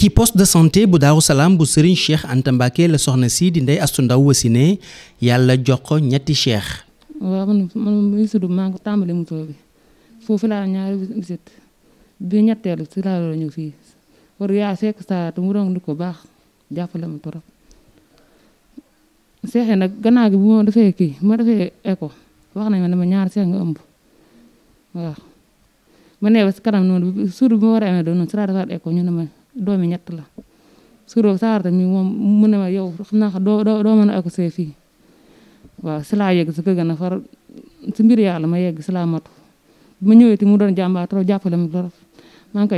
ci poste de santé bu Daaru Salaam bu sëriñ Cheikh Anta la soxna si di Ndeye Astou Ndaw Wasine yàlla jox ñetti cheikh. waaw man man maa ngi maa ngi tàmbali mu bi foofu laa ñaari visite la ñu fii war yaa fekk saa te mu doon lu ko baax jàppale mu torop seexee nag gannaar gi bu ma defee kii bu ma defee écho wax nañ ma ne ñaar seex nga ëmb waaw ma ne ba si kanam noonu suur bi ma war a amee doon noonu si laa defaat écho ñu ne ma doomi ñett la suróog saarta mi moom mu ne ma yow xam naa doo doo mën a ako see fii waaw si laa yegg si ko gën a far si mbir yàlla ma yegg si laa matu ma ñëwee ti mu doon jàmbaar trop jàppale ma trop maa ngi ko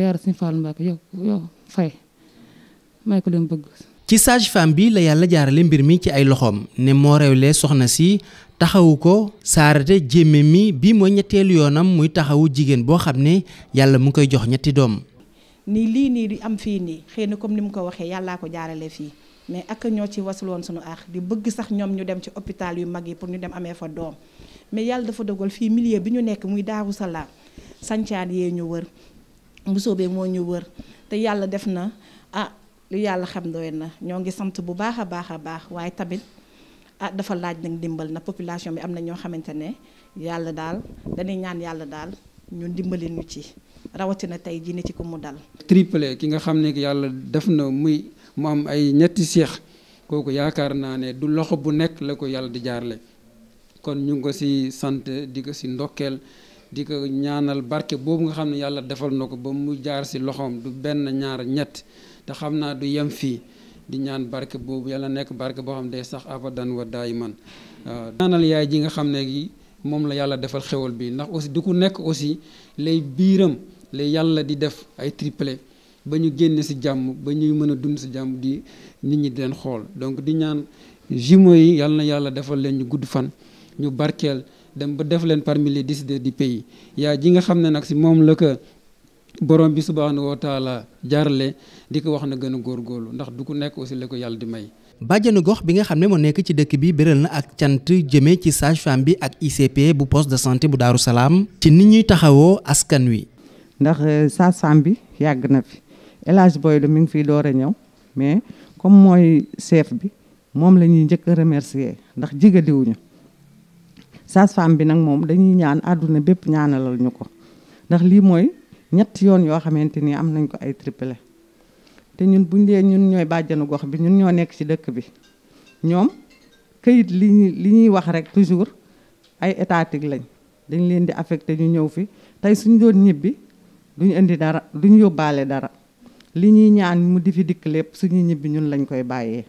yar suñu Fall Mbacke leen bëgg ci sage femme bi la yàlla jaarale mbir mi ci ay loxoom ne moo réewle soxna si taxawu ko saarate jéeme mi bi mooy ñetteelu yoonam muy taxawu jigéen boo xam ne yàlla mu koy jox ñetti doom nii lii nii di am fii nii xëy na comme ni mu ko waxee yàllaa ko jaarale fii mais ak ñoo ci wasuloon sunu aax di bëgg sax ñoom ñu dem ci hôpital yu mag yi pour ñu dem amee fa doom mais yàlla dafa dogal fii milieu bi ñu nekk muy Daaru Salaam sancaan yee ñu wër mbusóobee moo ñu wër te yàlla def na ah yàlla xam doy na ñoo ngi sant bu baax a baax a baax waaye tamit ah dafa laaj nag ndimbal na population bi am na ñoo xamante ne yàlla daal dañuy ñaan yàlla daal ñu dimbali ñu ci rawatina tey jii ne ci ko mu dal. triplé ki nga xam ne yàlla def na muy mu am ay ñetti seex kooku yaakaar naa ne du loxo bu nekk la ko yàlla di jaarle kon ñu ngi ko si sant di ko si ndokkeel di ko ñaanal barke boobu nga xam ne yàlla defal na ko ba mu jaar si loxoom du benn ñaar ñett te xam naa du yem fii di ñaan barke boobu yàlla nekk barke boo xam ne day sax abadan wa daay man waaw ñaanal yaay ji nga xam ne moom la yàlla defal xewal bi ndax aussi la yàlla di def ay triplé ba ñu génne si jàmm ba ñuy mën a dund si jàmm di nit ñi di leen xool donc di ñaan jumeaux yi yàlla na yàlla defal leen ñu gudd fan ñu barkeel dem ba def leen parmi les décideurs di pays yaa ji nga xam ne nag si moom la ko borom bi subhaanahu wa taala jaarale di ko wax na gën a góorlu ndax du ku nekk aussi la ko yàlla di may. bàjjanu gox bi nga xam ne moo nekk ci dëkk bi béral na ak cant jëmee ci sage bi ak ICP bu poste de santé bu Daaru Salaam ci nit ñuy taxawoo askan wi. ndax euh, sage-femme bi yàgg na fi El Hadj Boy mi ngi fiy door a ñëw mais comme mooy chef bi moom la ñuy njëkk a ndax jigadiwuñu sage-femme bi nag moom dañuy ñaan àdduna bépp ñaanalal ñu ko ndax lii mooy ñetti yoon yoo xamante ni am nañ ko ay triplé te ñun buñ dee ñun ñooy bàjjanu gox bi ñun ñoo nekk ci dëkk bi ñoom këyit li ñuy li ñuy wax rek toujours ay étatique lañ dañ leen di affecté ñu ñëw fi tey suñ doon ñibbi du ñu indi dara du ñu yóbbaale dara li ñuy ñaan mu di fi dikk lépp suñu ñibbi ñun lañ koy bàyyee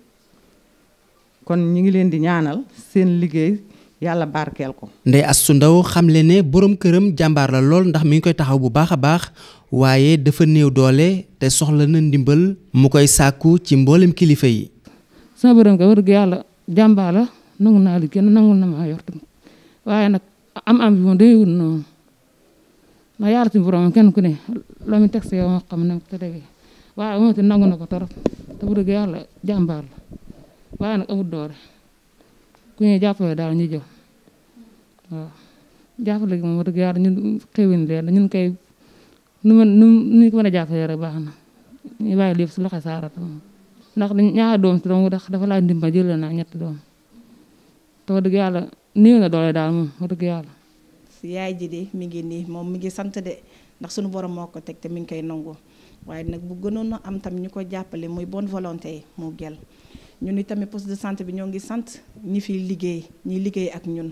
kon ñu ngi leen di ñaanal seen liggéey yàlla barkeel ko. Ndeye Astou Ndaw xamle ne boroom këram jàmbaar la lool ndax mi ngi koy taxaw bu baax a baax waaye dafa néew doole te soxla na ndimbal mu koy sàkku ci mbooleem kilifa yi. sama borom kër wërgu yàlla jàmbaar la nangu naa li kenn nangu na maa yor tamit waaye nag am-am bi moom day wut noonu na yàlla suñu borom kenn ku ne loo teg sa yow moo xam ne te tege waaye moom nangu na ko torop te yàlla jàmbaar la waaye nag amul doore ku ñuy jàppale gi moom wax dëgg yàlla ñun xéwin leen ñun kay nu mën nu a jàppale rek baax na ñu bàyyi lépp si loxo saarata moom ndax ñaari doom si doom dafa laa ndimbal jël na ñetti doom te daal moom wax dëgg yàlla yaay ji de mi ngi nii moom mi ngi sant de ndax suñu borom moo ko teg te mi ngi koy nangu waaye nag bu gënoon a am tam ñu ko jàppale muy bon volonté yi mu gel ñun tamit poste de sant bi ñoo ngi sant ñi fiy liggéey ñi liggéey ak ñun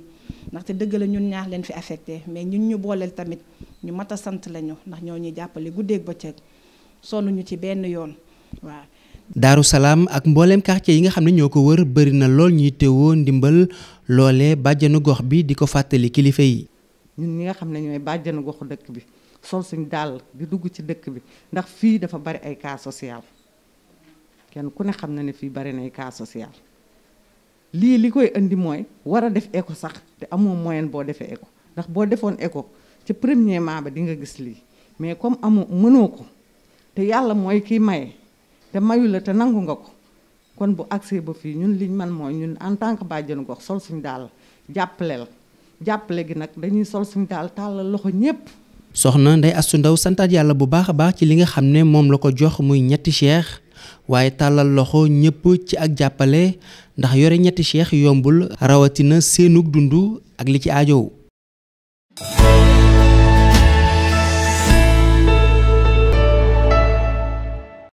ndaxte dëgg la ñun ñaax leen fi affecté mais ñun ñu booleel tamit ñu mat a sant lañu ndax ñoo ñuy jàppale guddeeg bëccëg sonnuñu ci benn yoon waaw. Daaru Salaam ak mbooleem quartier yi nga xam ne ñoo ko wër bari na lool ñuy teewoo ndimbal loole bàjjanu gox bi di ko fàttali kilifa yi. ñun ñi nga xam ne ñooy bàjjanu goxu dëkk bi sol suñ dàll di dugg ci dëkk bi ndax fii dafa bari ay cas social kenn ku ne xam na ne fii bari na ay cas social lii li koy indi mooy war a def éco sax te amoo moyen boo defee eko ndax boo defoon éco ci premièrement ba di nga gis lii mais comme amu mënoo ko te yàlla mooy kii maye te mayu la te nangu nga ko kon bu accès ba fii ñun liñ man mooy ñun en tant que bàjjenu gox sol suñ daal jàppale la jàppale gi nag dañuy sol suñu daal tàllal loxo ñépp soxna Ndeye Astou Ndaw santaat yàlla bu baax a baax ci li nga xam ne moom la ko jox muy ñetti cheikh waaye tàllal loxo ñëpp ci ak jàppale ndax yore ñetti cheikh yombul rawatina seenug dund ak li ci aajow